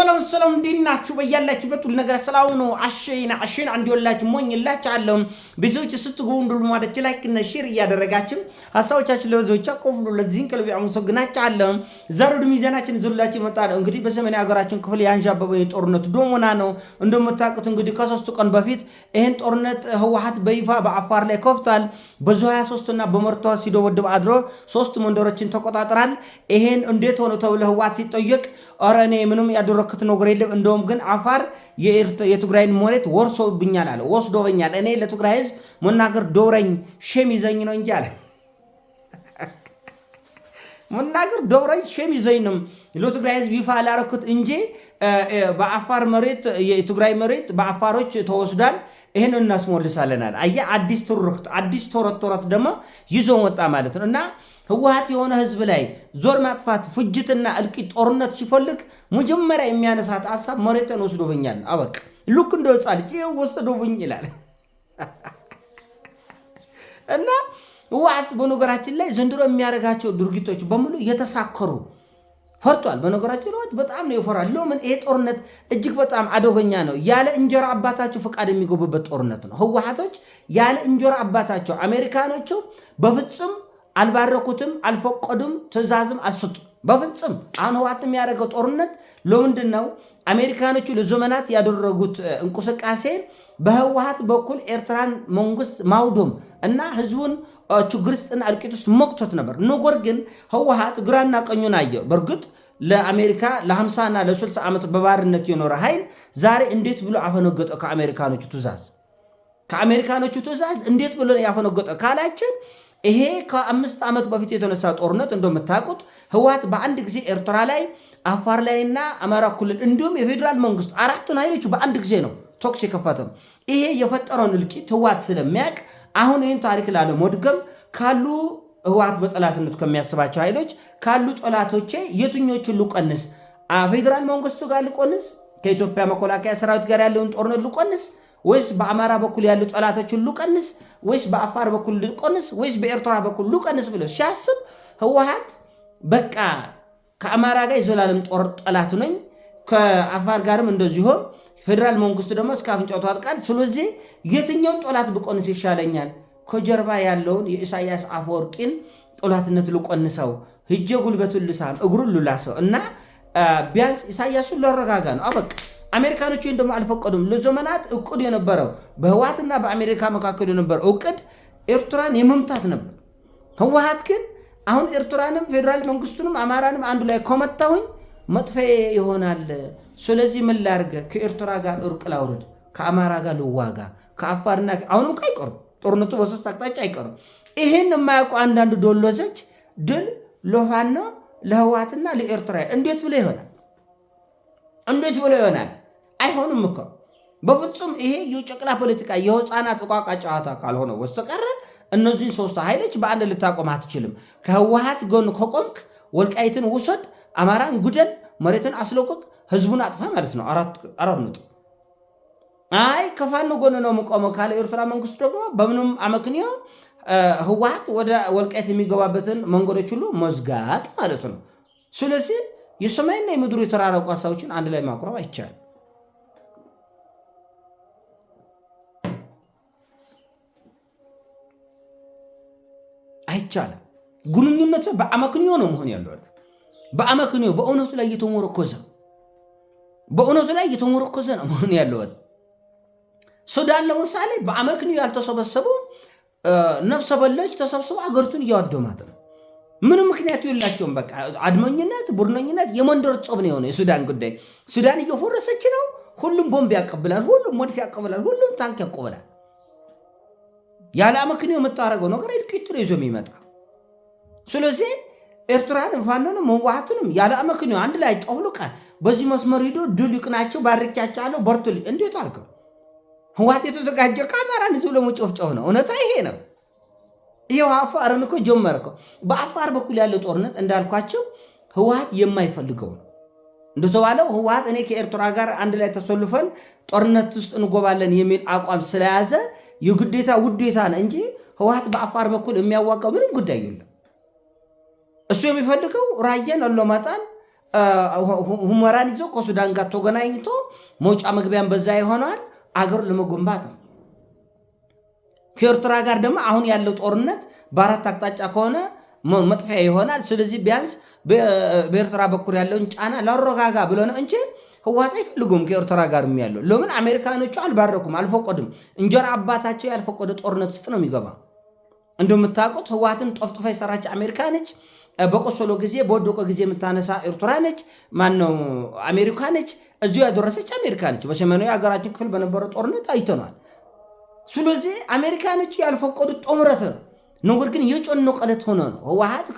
ሰላም ሰላም እንዴት ናችሁ? በያላችሁበት ሁሉ ነገር ሰላም ነው። አሸይና አሸይን አንድ ወላጅ ሞኝላችሁ አለም ብዙዎች ስትጎንዱሉ ማለት ላይክ እና ሼር እያደረጋችሁ ሀሳቦቻችሁ ለብዙዎች አቆፍሉ ለዚህን ቀልብ አመሰግናችሁ አለም ዛሬ ወደ ሚዛናችን ይዞላችሁ ይመጣ ነው። እንግዲህ በሰሜን ሀገራችን ክፍል ያንዣበበው ጦርነቱ ዶሞና ነው። እንደምታውቁት እንግዲህ ከሶስት ቀን በፊት ይህን ጦርነት ህወሓት በይፋ በአፋር ላይ ከፍቷል። በዙ 23 እና በመርቷ ሲደበድብ አድሮ ሶስት መንደሮችን ተቆጣጥራል። ይሄን እንዴት ሆነ ተብሎ ህወሓት ሲጠየቅ ኧረ እኔ ምንም ያደረኩት ነገር የለም፣ እንደውም ግን አፋር የትግራይን መሬት ወርሶብኛል አለ፣ ወስዶበኛል። እኔ ለትግራይ ህዝብ መናገር ዶረኝ ሼም ይዘኝ ነው እንጂ አለ መናገር ዶረኝ ሼም ይዘኝ ነው ለትግራይ ህዝብ ይፋ ላረኩት እንጂ በአፋር መሬት የትግራይ መሬት በአፋሮች ተወስዷል ይህን እናስሞልሳለናል። አየ አዲስ ትርክት፣ አዲስ ቶረት ቶረት ደግሞ ይዞ ወጣ ማለት ነው እና ህወሀት የሆነ ህዝብ ላይ ዞር ማጥፋት፣ ፍጅትና እልቂ ጦርነት ሲፈልግ መጀመሪያ የሚያነሳት ሀሳብ መሬትን ወስዶብኛል፣ አበቅ ልክ እንደ ህፃን ልጅ ወሰዶብኝ ይላል እና ህወሀት በነገራችን ላይ ዘንድሮ የሚያደርጋቸው ድርጊቶች በሙሉ የተሳከሩ ፈርቷል። በነገራችን ለዎች በጣም ነው የፈራል። ለምን ይሄ ጦርነት እጅግ በጣም አደገኛ ነው። ያለ እንጀራ አባታቸው ፈቃድ የሚገቡበት ጦርነት ነው። ህወሓቶች ያለ እንጀራ አባታቸው አሜሪካኖቹ በፍጹም አልባረኩትም፣ አልፈቀዱም፣ ትእዛዝም አልሰጡም። በፍጹም አሁን ህወሓት የሚያደርገው ጦርነት ለምንድን ነው? አሜሪካኖቹ ለዘመናት ያደረጉት እንቅስቃሴ በህወሀት በኩል ኤርትራን መንግስት ማውዶም እና ህዝቡን ችግር ውስጥና እልቂት ውስጥ መቅቶት ነበር። ነገር ግን ህወሀት ግራና ቀኙን አየ። በእርግጥ ለአሜሪካ ለ50ና ለ60 ዓመት በባርነት የኖረ ኃይል ዛሬ እንዴት ብሎ አፈነገጠ? ከአሜሪካኖቹ ትእዛዝ ከአሜሪካኖቹ ትእዛዝ እንዴት ብሎ ያፈነገጠ ካላችን ይሄ ከአምስት ዓመት በፊት የተነሳ ጦርነት እንደምታውቁት ህወሀት በአንድ ጊዜ ኤርትራ ላይ፣ አፋር ላይና አማራ ክልል እንዲሁም የፌዴራል መንግስት አራቱን ኃይሎች በአንድ ጊዜ ነው ቶክስ የከፈተው ይሄ የፈጠረውን እልቂት ህወሓት ስለሚያውቅ አሁን ይህን ታሪክ ላለመድገም ካሉ ህወሓት በጠላትነቱ ከሚያስባቸው ኃይሎች ካሉ ጠላቶቼ የትኞቹን ልቆንስ፣ ፌዴራል መንግስቱ ጋር ልቆንስ፣ ከኢትዮጵያ መከላከያ ሰራዊት ጋር ያለውን ጦርነት ልቆንስ ወይስ በአማራ በኩል ያሉ ጠላቶችን ልቀንስ ወይስ በአፋር በኩል ልቀንስ ወይስ በኤርትራ በኩል ልቀንስ ብሎ ሲያስብ ህወሓት በቃ ከአማራ ጋር የዘላለም ጦር ጠላት ነኝ ከአፋር ጋርም እንደዚሁም ፌዴራል መንግስቱ ደግሞ እስከ አፍንጫው ታጥቋል። ስለዚህ የትኛውም ጠላት ብቆንስ ይሻለኛል፣ ከጀርባ ያለውን የኢሳያስ አፈወርቂን ጠላትነት ልቆንሰው፣ ህጀ ጉልበቱን ልሳም፣ እግሩን ልላሰው እና ቢያንስ ኢሳያሱን ለረጋጋ ነው አበቃ። አሜሪካኖች ይህን ደግሞ አልፈቀዱም። ለዘመናት እቅዱ የነበረው በህወሓትና በአሜሪካ መካከል የነበረው እቅድ ኤርትራን የመምታት ነበር። ህወሓት ግን አሁን ኤርትራንም ፌዴራል መንግስቱንም አማራንም አንዱ ላይ ከመታሁኝ መጥፌ ይሆናል ስለዚህ ምን ላርገ? ከኤርትራ ጋር እርቅ ላውርድ፣ ከአማራ ጋር ልዋጋ፣ ከአፋርና አሁንም እኮ አይቀርም ጦርነቱ በሶስት አቅጣጫ አይቀርም። ይህን የማያውቁ አንዳንድ ዶሎዘች ድል ለፋኖ ለህዋትና ለኤርትራ እንዴት ብሎ ይሆናል? እንዴት ብሎ ይሆናል? አይሆንም እኮ በፍጹም። ይሄ የጨቅላ ፖለቲካ የህፃናት እቋቋ ጨዋታ ካልሆነ በስተቀር እነዚህን ሶስቱ ኃይሎች በአንድ ልታቆም አትችልም። ከህወሀት ጎን ከቆምክ ወልቃይትን ውሰድ፣ አማራን ጉደል፣ መሬትን አስለቆቅ ህዝቡን አጥፋ ማለት ነው። አራት ነጥብ። አይ ከፋኖ ጎን ነው የምቆመው ካለ ኤርትራ መንግስት ደግሞ በምንም አመክንዮ ህወሓት ወደ ወልቃይት የሚገባበትን መንገዶች ሁሉ መዝጋት ማለት ነው። ስለዚህ የሰማይና የምድሩ የተራረቁ ሀሳቦችን አንድ ላይ ማቁረብ አይቻልም። አይቻልም። ግንኙነቱ በአመክንዮ ነው መሆን ያለበት። በአመክንዮ በእውነቱ ላይ እየተሞረኮዘ በእውነቱ ላይ እየተሞረኮዘ ነው መሆን ያለበት። ሱዳን ለምሳሌ በአመክኒ ያልተሰበሰቡ ነፍሰ በላዎች ተሰብስበው ሀገሪቱን እያወደማት ነው። ምንም ምክንያት የላቸውም። በቃ አድመኝነት፣ ቡድነኝነት የመንደር ጾም ነው የሆነ የሱዳን ጉዳይ። ሱዳን እየፈረሰች ነው። ሁሉም ቦምብ ያቀብላል፣ ሁሉም መድፍ ያቀብላል፣ ሁሉም ታንክ ያቆብላል። ያለ አመክንዮ የምታደርገው ነገር እልቂት ነው ይዞ የሚመጣ ስለዚህ ኤርትራንም ፋኖንም ህወሓቱንም ያለ አመክንዮ አንድ ላይ ጨፍልቀህ በዚህ መስመር ሂዶ ድል ይቅናቸው ባርኪያቸዋለሁ በርቱልኝ። እንዴት አርገ ህወሓት የተዘጋጀ ከአማራን ህዝብ ለመጨፍጨፍ ነው። እውነታ ይሄ ነው። ይኸው አፋርን እኮ ጀመርከው። በአፋር በኩል ያለው ጦርነት እንዳልኳቸው ህወሓት የማይፈልገው ነው። እንደተባለው ህወሓት እኔ ከኤርትራ ጋር አንድ ላይ ተሰልፈን ጦርነት ውስጥ እንጎባለን የሚል አቋም ስለያዘ የግዴታ ውዴታ ነው እንጂ ህወሓት በአፋር በኩል የሚያዋቀው ምንም ጉዳይ የለም። እሱ የሚፈልገው ራያን ለማጣል ሁመራን ይዞ ከሱዳን ጋር ተገናኝቶ መውጫ መግቢያን በዛ ይሆነዋል አገሩ ለመጎንባት ነው። ከኤርትራ ጋር ደግሞ አሁን ያለው ጦርነት በአራት አቅጣጫ ከሆነ መጥፊያ ይሆናል። ስለዚህ ቢያንስ በኤርትራ በኩል ያለውን ጫና ላረጋጋ ብሎ ነው እንጂ ህወሓት አይፈልጉም ከኤርትራ ጋር ያለው። ለምን አሜሪካኖቹ አልባረኩም፣ አልፈቀዱም። እንጀራ አባታቸው ያልፈቀደ ጦርነት ውስጥ ነው የሚገባ። እንደምታውቁት ህወሓትን ጠፍጥፋ የሰራች አሜሪካ ነች። በቆሰሎ ጊዜ በወደቀ ጊዜ የምታነሳ ኤርትራ ነች። ማነው አሜሪካ ነች። እዚሁ ያደረሰች አሜሪካ ነች። በሰሜናዊ የሀገራችን ክፍል በነበረ ጦርነት አይተነዋል። ስለዚህ ነች ያልፈቀዱት ጦምረት ነው። ነገር ግን የጮኖ ቀለት ሆነ ነው። ህወሓት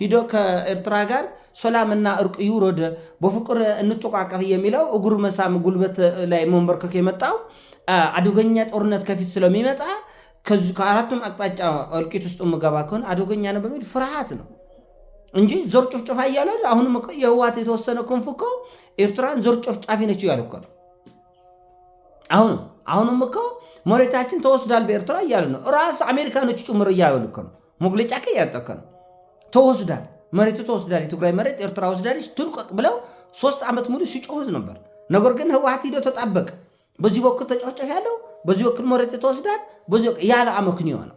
ሂዶ ከኤርትራ ጋር ሰላምና እርቅ ይውረድ፣ በፍቅር እንጠቃቀፍ የሚለው እግር መሳም ጉልበት ላይ መንበርከክ የመጣው አደገኛ ጦርነት ከፊት ስለሚመጣ ከአራቱም አቅጣጫ እልቂት ውስጥ ምገባ ከሆነ አደገኛ ነው በሚል ፍርሃት ነው። እንጂ ዞር ጭፍጭፋ እያለ አሁንም እኮ የህዋት የተወሰነ ክንፍ እኮ ኤርትራን ዞር ጭፍጫፊ ነች እያለ እኮ ነው። አሁንም አሁንም እኮ መሬታችን ተወስዳል በኤርትራ እያሉ ነው። ራስ አሜሪካኖች ጭምር እያሉ እኮ ነው። መግለጫ ከ እያጠቀ ነው። ተወስዳል መሬቱ ተወስዳል፣ የትግራይ መሬት ኤርትራ ወስዳለች ትልቀቅ ብለው ሶስት ዓመት ሙሉ ሲጮህ ነበር። ነገር ግን ህወሓት ሂደው ተጣበቀ። በዚህ በኩል ተጨፍጨፍ ያለው በዚህ በኩል መሬት ተወስዷል፣ በዚህ ያለ አመክንዮ ነው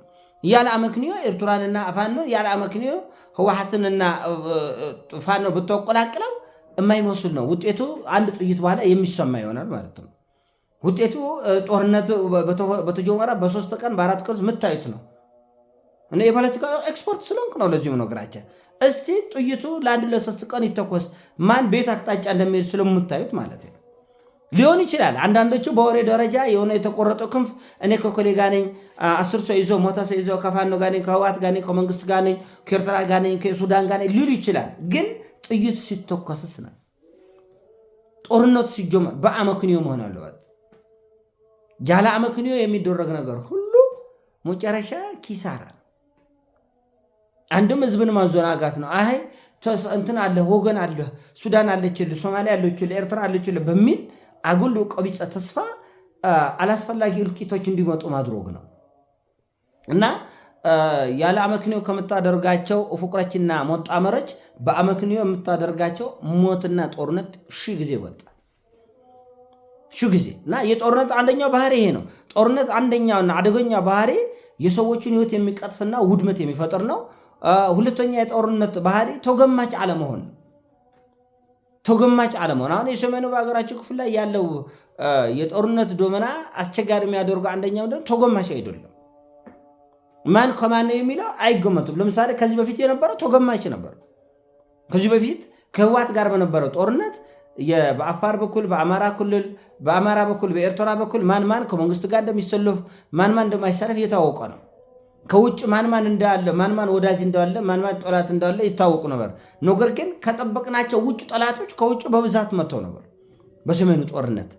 ያለ አመክንዮ ኤርትራንና አፋኖን ያለ አመክንዮ ህወሓትንና ፋኖ ብተቆላቅለው የማይመስል ነው ውጤቱ። አንድ ጥይት በኋላ የሚሰማ ይሆናል ማለት ነው ውጤቱ። ጦርነት በተጀመረ በሶስት ቀን በአራት ቀን የምታዩት ነው። እኔ የፖለቲካ ኤክስፖርት ስለሆንኩ ነው ለዚህም ነው እስቲ ጥይቱ ለአንድ ለሶስት ቀን ይተኮስ ማን ቤት አቅጣጫ እንደሚሄድ ስለምታዩት ማለት ነው። ሊሆን ይችላል። አንዳንዶቹ በወሬ ደረጃ የሆነ የተቆረጠ ክንፍ እኔ ከኮሌ ጋር ነኝ፣ አስር ሰው ይዞ ሞታ ሰው ይዞ ከፋኖ ጋ ነኝ፣ ከህወሓት ነኝ፣ ከመንግስት ጋ ነኝ፣ ከኤርትራ ጋ ነኝ፣ ከሱዳን ጋ ነኝ ሊሉ ይችላል። ግን ጥይቱ ሲተኮስስ ነው ጦርነቱ ሲጀመር በአመክንዮ መሆን አለበት። ያለ አመክንዮ የሚደረግ ነገር ሁሉ መጨረሻ ኪሳራ ነው። አንድም ህዝብን ማዘናጋት ነው። አይ እንትን አለ ወገን አለ ሱዳን አለችል ሶማሊያ አለችል ኤርትራ አለችል በሚል አጉል ቀቢጸ ተስፋ አላስፈላጊ እልቂቶች እንዲመጡ ማድሮግ ነው እና ያለ አመክንዮ ከምታደርጋቸው ፉቅረችና ሞጣመረች በአመክንዮ የምታደርጋቸው ሞትና ጦርነት ሺ ጊዜ ይበልጣል። ሺ ጊዜ እና የጦርነት አንደኛው ባህሪ ይሄ ነው። ጦርነት አንደኛውና አደገኛ ባህሪ የሰዎችን ህይወት የሚቀጥፍና ውድመት የሚፈጥር ነው። ሁለተኛ የጦርነት ባህሪ ተገማች አለመሆን ነው። ተገማች አለመሆን። አሁን የሰሜኑ በሀገራችን ክፍል ላይ ያለው የጦርነት ዶመና አስቸጋሪ የሚያደርገው አንደኛው ደግሞ ተገማች አይደለም። ማን ከማን ነው የሚለው አይገመቱም። ለምሳሌ ከዚህ በፊት የነበረው ተገማች ነበር። ከዚህ በፊት ከህዋት ጋር በነበረው ጦርነት በአፋር በኩል በአማራ ክልል በአማራ በኩል በኤርትራ በኩል ማን ማን ከመንግስቱ ጋር እንደሚሰለፍ ማን ማን እንደማይሰለፍ እየታወቀ ነው። ከውጭ ማን ማን እንዳለ ማን ማን ወዳጅ እንዳለ ማን ማን ጠላት እንዳለ ይታወቁ ነበር። ነገር ግን ከጠበቅናቸው ውጭ ጠላቶች ከውጭ በብዛት መጥተው ነበር። በሰሜኑ ጦርነት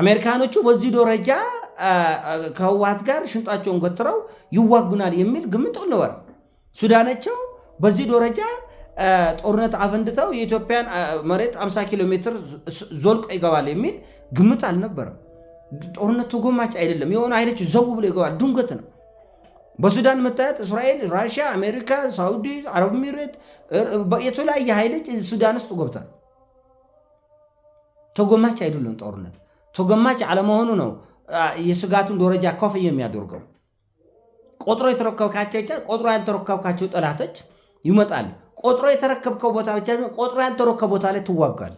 አሜሪካኖቹ በዚህ ደረጃ ከህወሓት ጋር ሽንጣቸውን ገትረው ይዋጉናል የሚል ግምት ነበር። ሱዳናቸው በዚህ ደረጃ ጦርነት አፈንድተው የኢትዮጵያን መሬት 50 ኪሎ ሜትር ዞልቆ ይገባል የሚል ግምት አልነበረም። ጦርነቱ ጎማች አይደለም። የሆነ ኃይሎች ዘው ብሎ ይገባል። ድንገት ነው። በሱዳን መታየት እስራኤል፣ ራሽያ፣ አሜሪካ፣ ሳውዲ አረብ ኤሚሬት የተለያየ ኃይሎች ሱዳን ውስጥ ገብቷል። ተጎማች አይደለም። ጦርነት ተጎማች አለመሆኑ ነው የስጋቱን ደረጃ ከፍ የሚያደርገው። ቆጥሮ የተረከብካቸው ብቻ ቆጥሮ ያልተረከብካቸው ጠላቶች ይመጣል። ቆጥሮ የተረከብከው ቦታ ብቻ ቆጥሮ ያልተረከብ ቦታ ላይ ትዋጋል።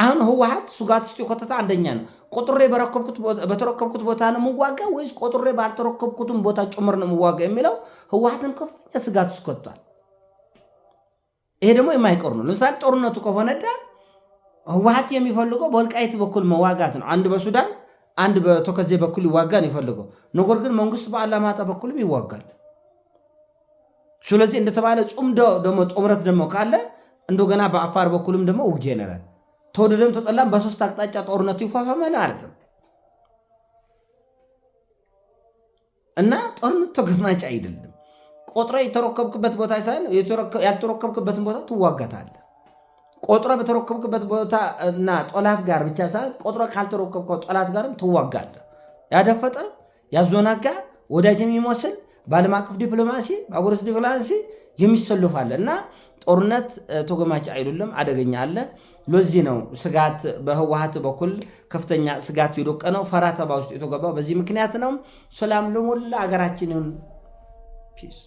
አሁን ህወሀት ሱጋት ስቲ ኮተታ አንደኛ ነው። ቆጥሬ በተረከብኩት ቦታ ነው የምዋጋ ወይስ ቆጥሬ ባልተረከብኩትም ቦታ ጭምር ነው የምዋጋ የሚለው ህወሀትን ከፍተኛ ስጋት ውስጥ ከቷል። ይሄ ደግሞ የማይቀሩ ነው። ለምሳሌ ጦርነቱ ከሆነዳ ህወሀት የሚፈልገው በወልቃይት በኩል መዋጋት ነው። አንድ በሱዳን አንድ በተከዜ በኩል ይዋጋን የፈልገው ነገር ግን መንግስት በአላማጣ በኩልም ይዋጋል። ስለዚህ እንደተባለ ጾም ደግሞ ጦምረት ደግሞ ካለ እንደገና በአፋር በኩልም ደግሞ ውጊያ ይነራል። ተወደደም ተጠላም በሶስት አቅጣጫ ጦርነቱ ይፋፋማል ማለት ነው እና ጦርነት ተገማጭ አይደለም። ቆጥረ የተረከብክበት ቦታ ሳይሆን ያልተረከብክበትን ቦታ ትዋጋታለህ። ቆጥረ በተረከብክበት ቦታ እና ጠላት ጋር ብቻ ሳይሆን ቆጥረ ካልተረከብከው ጠላት ጋርም ትዋጋለህ። ያደፈጠ ያዞናጋ ወዳጅ የሚመስል በዓለም አቀፍ ዲፕሎማሲ በአጎረስ ዲፕሎማሲ የሚሰለፉ አለ እና ጦርነት ተጎማች አይደለም፣ አደገኛ አለ። ለዚህ ነው ስጋት በህወሀት በኩል ከፍተኛ ስጋት ነው። ፈራ ተባ ውስጥ የተገባው በዚህ ምክንያት ነው። ሰላም ለሞላ ሀገራችንን ፒስ